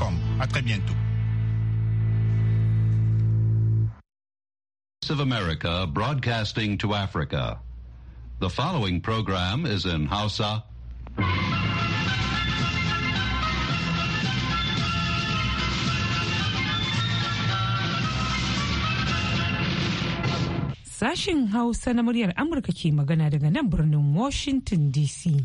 www.radioscoop.com. À très bientôt. of America broadcasting to Africa. The following program is in Hausa. Sashin Hausa na muryar Amurka ke magana daga nan birnin Washington DC.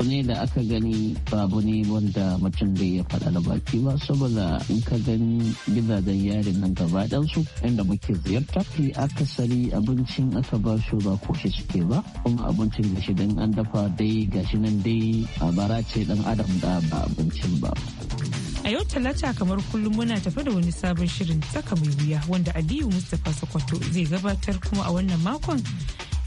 abu ne da aka gani babu ne wanda mutum da ya faɗa da baki ba saboda in ka gani gidajen yarin nan gaba su inda muke ziyarta fi akasari abincin aka ba su ba koshi suke ba kuma abincin da shi dan an dafa dai gashi nan dai a bara ce dan adam da ba abincin ba a yau talata kamar kullum muna tafi da wani sabon shirin saka mai wuya wanda aliyu mustapha sokoto zai gabatar kuma a wannan makon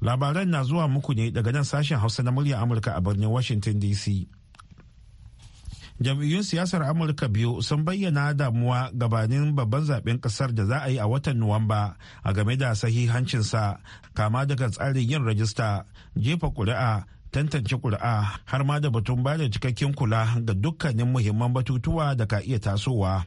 labaran na zuwa muku ne daga nan sashen hausa na murya amurka a birnin washington dc jam'iyyun siyasar amurka biyu sun bayyana damuwa gabanin babban zaben kasar da za a yi a watan nuwamba a game da sahihancinsa kama daga tsarin yin rajista jefa ƙuri'a tantance ƙuri'a har ma da batun bada cikakken kula ga dukkanin muhimman batutuwa da ka iya tasowa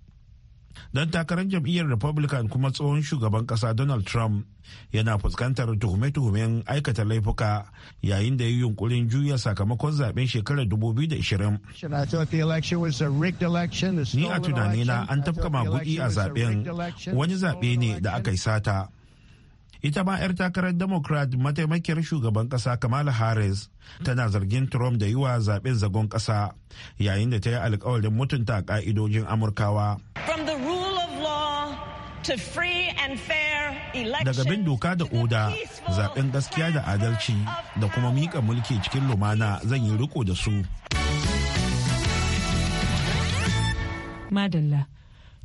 Dan takarar jam'iyyar Republican kuma tsohon shugaban kasa Donald Trump yana fuskantar tuhume-tuhumen aikata laifuka yayin da ya yi yunkurin juya sakamakon zaben shekarar 2020. Ni a tunanina an tafka magudi a zaben wani zaɓe ne da aka yi sata. ita ma 'yar takarar democrat mataimakiyar shugaban kasa kamala harris tana zargin trump da yi wa zaben zagon kasa yayin da ta yi alkawarin mutunta ka'idojin amurkawa daga bin doka da oda zaben gaskiya da adalci da kuma mika mulki cikin lumana zan yi riko da su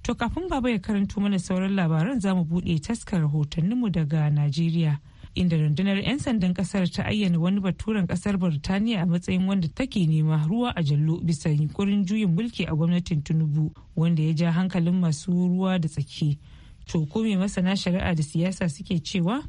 To kafin baba ya karanto mana sauran labaran za mu buɗe taskar mu daga Najeriya. Inda rundunar 'yan sandan kasar ta ayyana wani baturen kasar Burtaniya a matsayin wanda take nema ruwa a jallo bisa yunkurin juyin mulki a gwamnatin Tinubu wanda ya ja hankalin masu ruwa da tsaki. To ko me masana shari'a da siyasa suke cewa?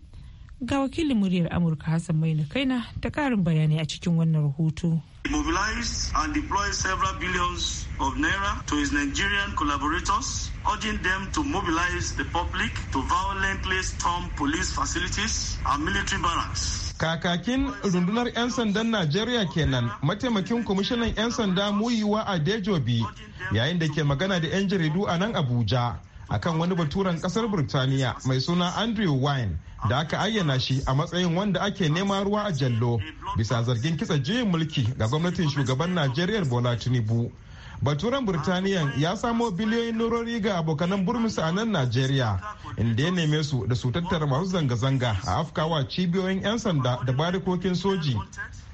ga wakilin muryar amurka hassan mai kaina da karin bayani a cikin wannan rahoto mobilized and deployed several billions of naira to his Nigerian collaborators, urging them to mobilize the public to violently storm police facilities and military barracks. Kakakin rundunar 'yan sandan Najeriya kenan mataimakin kwamishinan 'yan sanda muyiwa a Dejobi yayin da ke magana da 'yan jaridu a nan Abuja akan wani baturen kasar Burtaniya mai suna Andrew Wine da aka ayyana shi a matsayin wanda ake neman ruwa a jallo bisa zargin kitsa juyin mulki ga gwamnatin shugaban najeriya bola tinubu baturen burtaniya ya samo biliyoyin nurori ga abokanan burmusa a nan najeriya inda ya neme su da su tattara masu zanga-zanga a afkawa cibiyoyin 'yan sanda da barikokin soji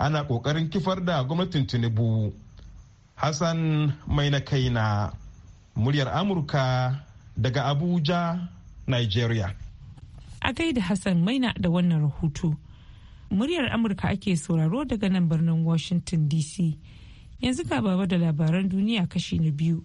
ana ƙoƙarin kifar da gwamnatin tinubu hassan mai na kaina muryar amurka daga abuja nigeria a gaida hassan maina da wannan rahoto muryar amurka ake sauraro daga nan birnin washington dc yanzu ga baba da labaran duniya kashi na biyu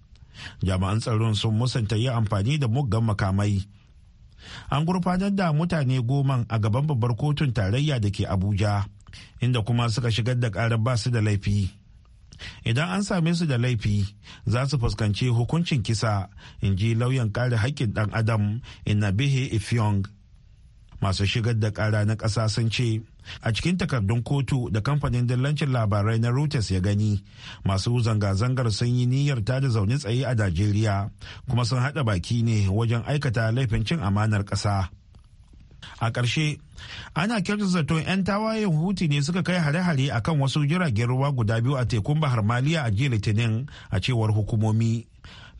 jami'an tsaron sun musanta yi amfani da muggan makamai an gurfanar da mutane goma a gaban babbar kotun tarayya da ke abuja inda kuma suka shigar da karar basu da laifi idan an same su da laifi za su fuskanci hukuncin kisa in ji lauyan kare haƙƙin ɗan adam inna bihe ifyong masu shigar da ƙara na ƙasa sun ce a cikin takardun kotu da kamfanin dillancin labarai na reuters ya gani masu zanga-zangar sun yi niyyar da zaune tsaye a najeriya kuma sun haɗa baki ne wajen aikata laifin cin amanar ƙasa a ƙarshe ana kyautar zaton 'yan tawayen hutu ne suka kai hare-hare akan wasu jiragen ruwa guda biyu a tekun bahar maliya a jiya litinin a cewar hukumomi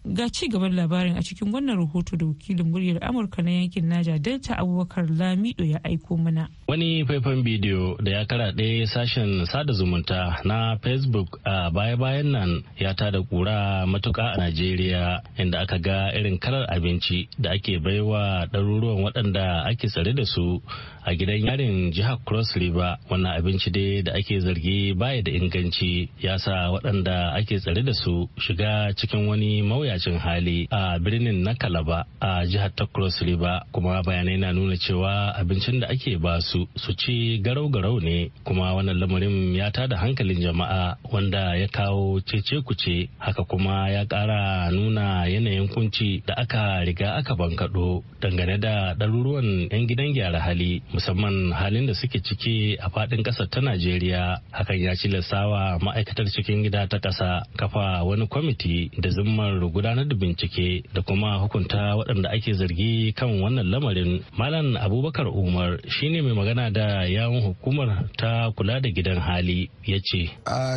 Ga ci gaban labarin a cikin wannan rahoto da wakilin muryar Amurka na yankin Naja Delta Abubakar Lamido ya aiko mana. Wani faifan bidiyo da ya kara ɗaya sashen sada zumunta na Facebook a baya-bayan nan ya tada kura matuka a Najeriya inda aka ga irin karar abinci da ake baiwa ɗaruruwan waɗanda ake tsare da su a gidan yarin jihar cross river wannan abinci dai da ake zargi baya da inganci ya sa waɗanda ake tsare da su shiga cikin wani mawuyacin hali a birnin na kalaba a jihar ta cross river kuma bayanai na nuna cewa abincin da ake ba su su ci garau-garau ne kuma wannan lamarin ya tada hankalin jama'a wanda ya kawo cece kuce haka kuma ya kara nuna yanayin kunci da aka riga aka bankaɗo dangane da ɗaruruwan 'yan gidan gyara hali musamman halin da suke ciki a faɗin kasar ta najeriya hakan ya ci lasawa ma'aikatar cikin gida ta ƙasa kafa wani kwamiti da zimmar gudanar da bincike da kuma hukunta waɗanda ake zargi kan wannan lamarin malam abubakar umar shine mai magana da yawon hukumar ta kula da gidan hali ya ce uh,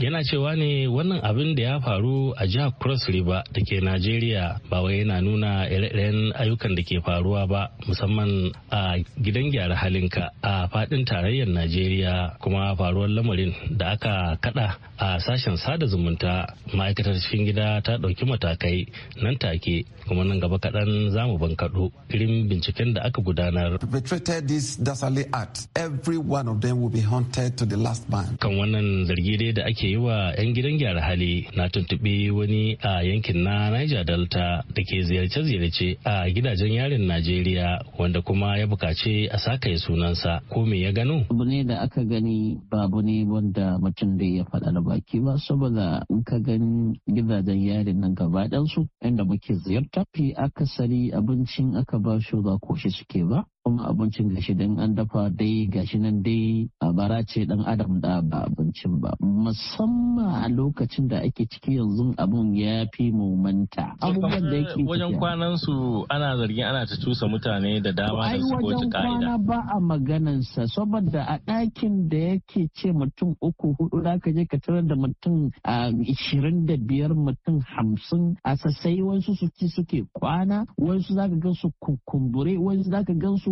yana cewa ne wannan abin da ya faru a jihar cross river da ke najeriya ba wai yana nuna ire-iren ayyukan da ke faruwa ba musamman a gidan gyara halinka a fadin tarayyar najeriya kuma faruwar lamarin da aka kada a sashen sada zumunta ma'aikatar cikin gida ta ɗauki matakai nan take kuma nan gaba kaɗan za mu bankaɗo irin binciken da aka gudanar kan wannan zargi dai da ake yi wa 'yan gidan gyara hali na tuntuɓi wani a yankin na niger delta da ke ziyarce-ziyarce a gidajen yarin najeriya wanda kuma ya bukaci a a sakaye sunansa ko me ya gano? Abu ne da aka gani babu ne wanda mutum da ya faɗa da baki ba saboda in ka gani gidajen yarin nan gaba ɗansu inda muke ziyarta fi akasari abincin aka ba shi ba shi suke ba kuma abincin gashi dan an dafa dai gashi nan dai a bara ce dan adam da ba abincin ba musamman a lokacin da ake ciki yanzu abun ya fi mumanta abubuwan da yake wajen kwanan su ana zargin ana ta tusa mutane da dama da su goci ka'ida ba a maganan sa saboda a dakin da yake ce mutum uku hudu ka je ka tarar da mutum a ishirin da biyar mutum hamsin a sassai wasu suke suke kwana wasu zaka gan su kukumbure wasu zaka gan su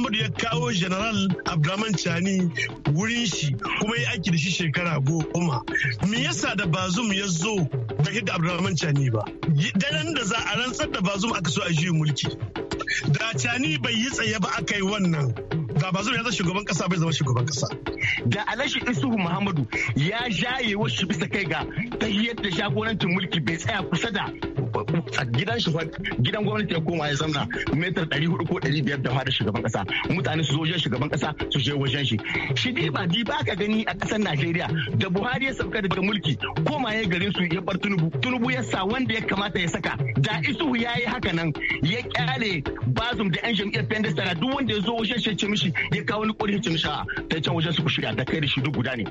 Muhammadu ya kawo General Abdulrahman Chani wurin shi kuma ya aiki da shi shekara goma. Me yasa da Bazum ya zo da hidda Abdulrahman Chani ba? Daren da za a rantsar da Bazum aka so a juyin mulki. Da Chani bai yi tsaye ba aka yi wannan ga bazur ya zama shugaban kasa bai zama shugaban kasa da alashi isuhu muhammadu ya jaye wasu bisa kai ga tahiyar da shagonancin mulki bai tsaya kusa da a gidan gidan gwamnati ya koma ya zamna metar hudu ko biyar da fara shugaban kasa mutane su zo wajen shugaban kasa su je wajen shi shi dai ba di ba ka gani a kasar Najeriya da Buhari ya sauka daga mulki koma ya garin su ya bar Tunubu Tunubu ya sa wanda ya kamata ya saka da Isuhu ya yi haka nan ya kyale bazum da yan jam'iyyar Pendestara duk wanda ya zo wajen shi ya ce mishi ya kawo wani ƙorin sha ta can wajen su ku shirya da kai da shi duk guda ne.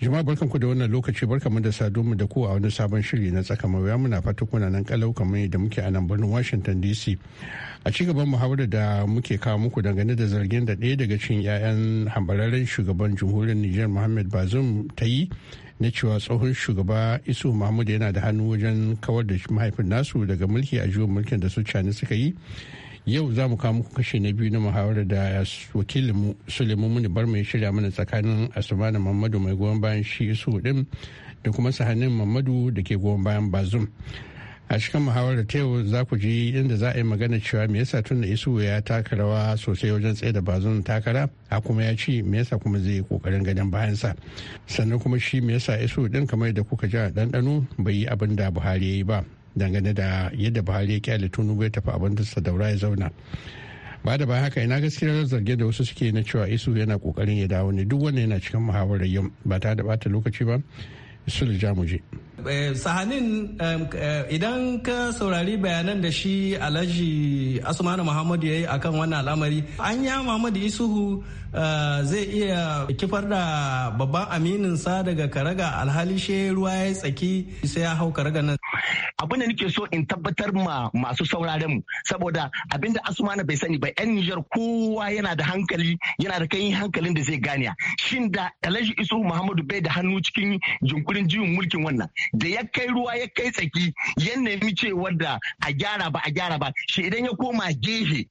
jama'a barkan ku da wannan lokaci barkan mu da mu da ku a wani sabon shiri na tsaka mawuya muna fata kuna nan kalau kamar da muke a nan birnin washington dc a ci gaban muhawarar da muke kawo muku dangane da zargin da ɗaya daga cikin 'ya'yan hambararren shugaban jamhuriyar niger mohammed bazoum ta yi na cewa tsohon shugaba isu mahmud yana da hannu wajen kawar da mahaifin nasu daga mulki a juyin mulkin da su cani suka yi yau za mu kawo muku kashe na biyu na muhawarar da wakilinmu suleiman muni bar mai shirya mana tsakanin asumana mamadu mai goyon bayan shi isu din da kuma sahanin mamadu da ke goyon bayan bazum a cikin muhawarar ta yau za ku ji inda za a yi magana cewa me yasa tun da isu ya taka rawa sosai wajen tsaye da bazon takara a kuma ya ci me yasa kuma zai kokarin ganin sa sannan kuma shi me yasa isu din kamar da kuka ji a ɗanɗano bai yi abin da buhari ya yi ba dangane da yadda buhari ya kyale tunu ya tafi abin da daura ya zauna ba da ba haka ina gaskiyar zargin da wasu suke na cewa isu yana kokarin ya dawo ne duk wanda yana cikin muhawarar yau ba ta da bata lokaci ba Sule Jamuje. Eh, sahanin eh, idan ka saurari bayanan da shi alhaji asmanu muhammadu ya yi akan wannan al'amari an ya muhammadu isuhu eh, zai iya kifar da babban aminin sa daga karaga alhali shi ruwa ya tsaki sai ya hau karaga nan abin da nake so in tabbatar ma masu sauraren mu saboda da Asumana bai sani ba yan nijar kowa yana da hankali yana da kai hankalin da zai gane shin da alhaji isu muhammadu bai da hannu cikin jinkurin jiwon mulkin wannan da ya kai ruwa ya kai tsaki ya nemi cewar da a gyara ba a gyara ba shi idan ya koma gefe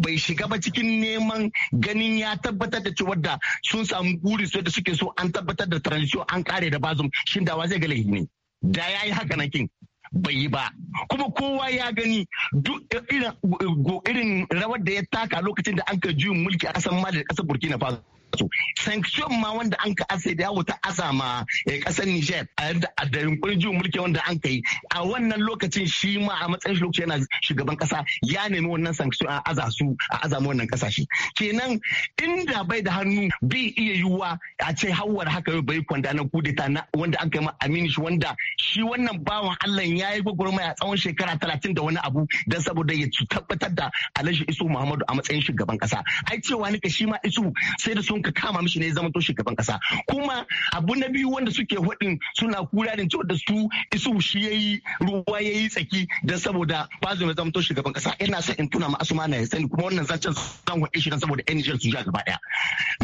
bai shiga ba cikin neman ganin ya tabbatar da cewar da sun samu guri su da suke so an tabbatar da transition an kare da bazum shin wa zai ga ne da ya yi haka kin. bai yi ba kuma kowa ya gani duk irin rawar da ya taka lokacin da an ka juyin mulki a ƙasar mali da ƙasar burkina faso sanction ma wanda an ka asa da yawo ta asa ma eh, kasar Niger a yadda a da yunkurin juyin mulki wanda an kai a wannan lokacin shi ma a matsayin shi lokacin yana shugaban kasa ya nemi wannan sanction a aza a aza wannan kasashe kenan inda bai da hannu bi iya yiwuwa a ce hawar haka yau bai kwanda na kudeta na wanda an kai ma Aminu shi wanda shi wannan bawan Allah ya yi gwagwarmaya tsawon shekara talatin da wani abu don saboda ya tabbatar da Alhaji Isu Muhammadu a matsayin shugaban kasa ai cewa nika shi ma Isu sai da sun ka kama mishi ne ya zama to shugaban kasa kuma abu na biyu wanda suke hudin suna kura da cewa da su isu shi yayi ruwa yayi tsaki dan saboda bazo ya zama to shugaban kasa ina sa in tuna ma asuma na ya sani kuma wannan zancen zan hudi shi dan saboda NGL su ja gaba daya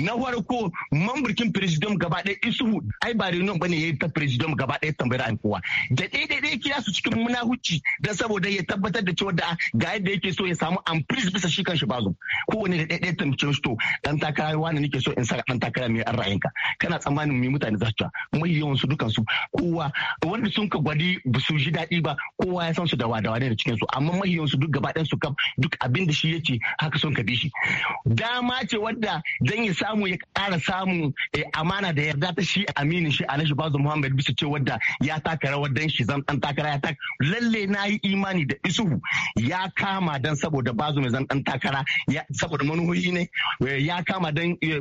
na farko mamburkin president gaba daya isu ai ba reunion bane yayi ta president gaba daya tambayar an kowa da dai dai kira su cikin munahuci dan saboda ya tabbatar da cewa da ga yadda yake so ya samu amprise bisa shi kanshi bazo kowane da dai tambayar shi to dan takarawa ne nake so in sa an takara mai an ra'ayinka kana tsammanin mai mutane za su ta mai yawan su dukansu kowa wanda sun ka gwadi ba su ji daɗi ba kowa ya san su da wada wada da cikin su amma mai yawan su duk gaba ɗayan su kam duk abin da shi yace haka sun ka bi shi dama ce wadda zan ya samu ya ƙara samu eh, amana da yarda ta shi aminin shi Alhaji Bazu Muhammad bisa ce wadda ya taka rawar dan shi zan dan takara ya taka lalle na yi imani da isuhu ya kama dan saboda Bazu mai zan dan takara saboda manuhoyi ne eh, ya kama dan eh,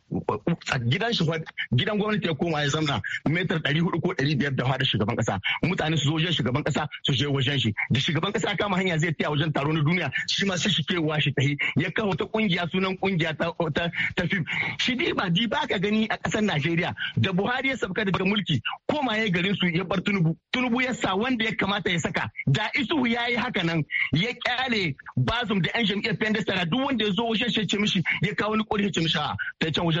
gidan shi gidan gwamnati ya koma ya zamna metar ɗari hudu ko ɗari biyar da fada shugaban kasa mutane su zo wajen shugaban kasa su je wajen shi da shugaban kasa kama hanya zai taya wajen taro na duniya shi ma sai shi kewa shi tahi ya kawo ta kungiya sunan kungiya ta ta fim shi dai ba di baka gani a kasar Najeriya da Buhari ya sabka daga mulki koma ya garin su ya bar Tunubu Tunubu ya sa wanda ya kamata ya saka da isu ya yi haka nan ya kyale bazum da yan jam'iyyar Pendestara duk wanda ya zo wajen shi ya ce mishi ya kawo ni kori ya ce mishi a ta can wajen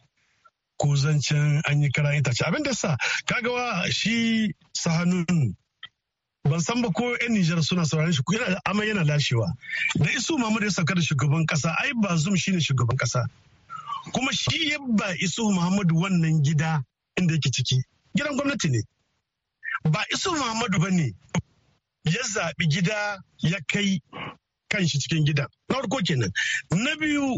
ko zancen an yi kara itace abin da sa kagawa shi sahanun ban san ba ko yan Nijar suna sauraron shi yana amma yana lashewa da isu Muhammadu ya sauka da shugaban kasa ai ba zum shine shugaban kasa kuma shi ya ba isu Muhammadu wannan gida inda yake ciki gidan gwamnati ne ba isu Muhammadu ba ya zaɓi gida ya kai kan shi cikin gida na farko kenan na biyu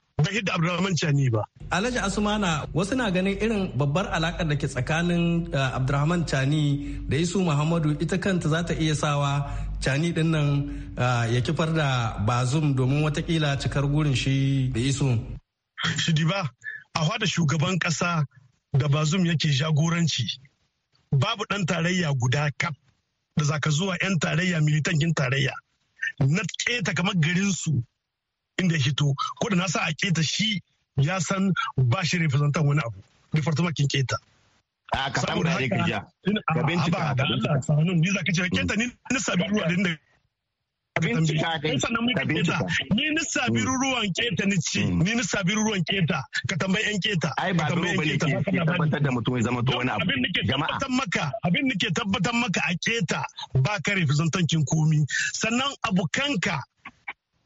bai hidda Abdurrahman Chani ba. Alhaji Asumana wasu na ganin irin babbar alakar da ke tsakanin eh, Abdurrahman Chani da Isu Muhammadu ita kanta za ta iya sawa Chani din nan eh, ya kifar da Bazum domin watakila cikar gurin shi da Isu. Shidi ba, a hada shugaban kasa da Bazum yake jagoranci. Babu ɗan tarayya guda kaf da zaka zuwa 'yan tarayya militankin tarayya. Na keta kamar garinsu inda ya hito ko da na sa a keta shi ya san ba shi representan wani abu departamentin keta a ka samu da rikija ka bincika da Allah sanun ni zaka ce keta ni na sabi ruwa din da bincika ka bincika ni na sabi mm. ruwan keta ni ci mm. ni na sabi ruwan keta ka tambayi yan keta ai ba dole bane ke tabbatar da mutum ya zama to wani abu jama'a abin maka abin nake tabbatar maka a keta ba ka representan kin komi sannan abukanka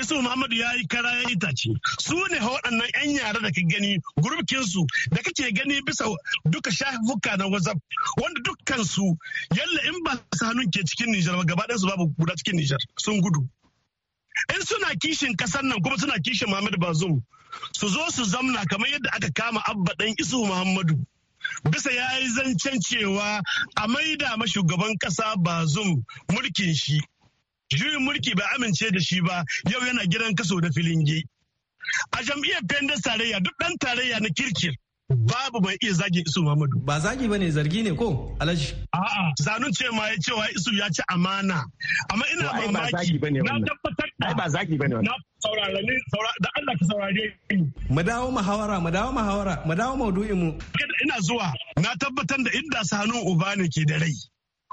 isu muhammadu ya yi kara ya itace su ne waɗannan yan yara da ka gani gurbikin su da kake gani bisa duka shafuka na whatsapp wanda dukkan su yalla in ba su hannun ke cikin nijar ba gaba su babu guda cikin nijar sun gudu in suna kishin kasar nan kuma suna kishin muhammadu bazum su zo su zamna kamar yadda aka kama abba ɗan isu muhammadu bisa ya yi zancen cewa a maida ma shugaban kasa bazum mulkin shi juyin mulki bai amince da shi ba yau yana gidan kaso da gi. a jam'iyyar pendas tarayya duk dan tarayya na kirkir babu mai iya zagin isu Muhammadu. Ba zagi bane zargi ne ko alaji. A'a zanun ce ma ya wa isu ya ci amana. Amma ina mamaki na tabbatar da. Ai ba zagi bane wannan. Na saurare ne da Allah ka saurare ni. Mu dawo muhawara mu dawo muhawara mu dawo maudu'in mu. Ina zuwa na tabbatar da inda sanu uba ne ke da rai.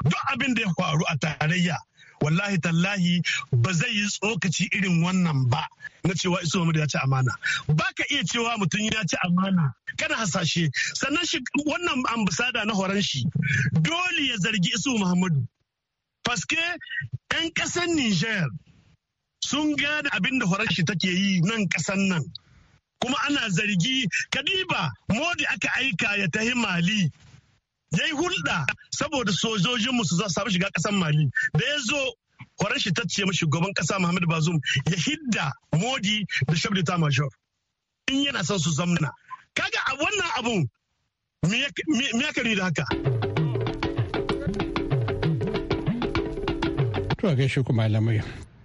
Duk abin da ya faru a tarayya wallahi tallahi ba zai yi tsokaci irin wannan ba na cewa iso mu ya ci amana ba ka iya cewa mutum ya ci amana kana hasashe sannan shi wannan ambasada na horon shi dole ya zargi iso muhammadu faske 'yan ƙasar niger sun gane abin da horon shi take yi nan ƙasar nan kuma ana zargi kadiba modi aka aika ya tahi mali ya yi hulɗa saboda sojojinmu su za su shiga ƙasar mali da ya zo kwaran shi tacciye mashi shugaban ƙasa muhammad bazum ya hidda modi da shabda ta major in yana son su zamna kaga a wannan abun me ya kari da haka to gaishe kuma malamai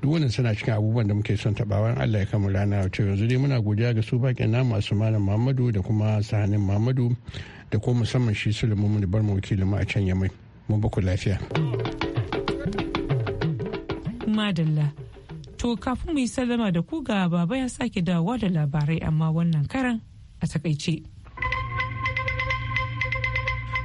duk wannan suna cikin abubuwan da muke son tabawan Allah ya kama rana wacce yanzu dai muna godiya ga su baƙin na masu malam Muhammadu da kuma sahanin Muhammadu da kuma musamman shi lumumu da bar mu wakili mu a can Yamai mu ba ku lafiya madalla to kafin mu yi sallama da ku ga baba ya sake dawowa da labarai amma wannan karan a takaice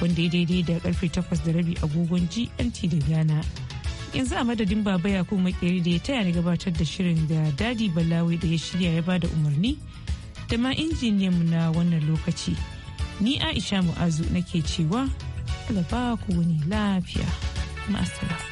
wanda ya daidai da karfe takwas da rabi agogon GMT da Ghana. Yanzu a madadin baba Yakub makeri da ya taya ni gabatar da shirin da Dadi Balawi da ya shirya ya bada umarni da ma injiniyan mu na wannan lokaci. Ni Aisha Mu'azu nake cewa, Allah ba ku wani lafiya. Ma'asala.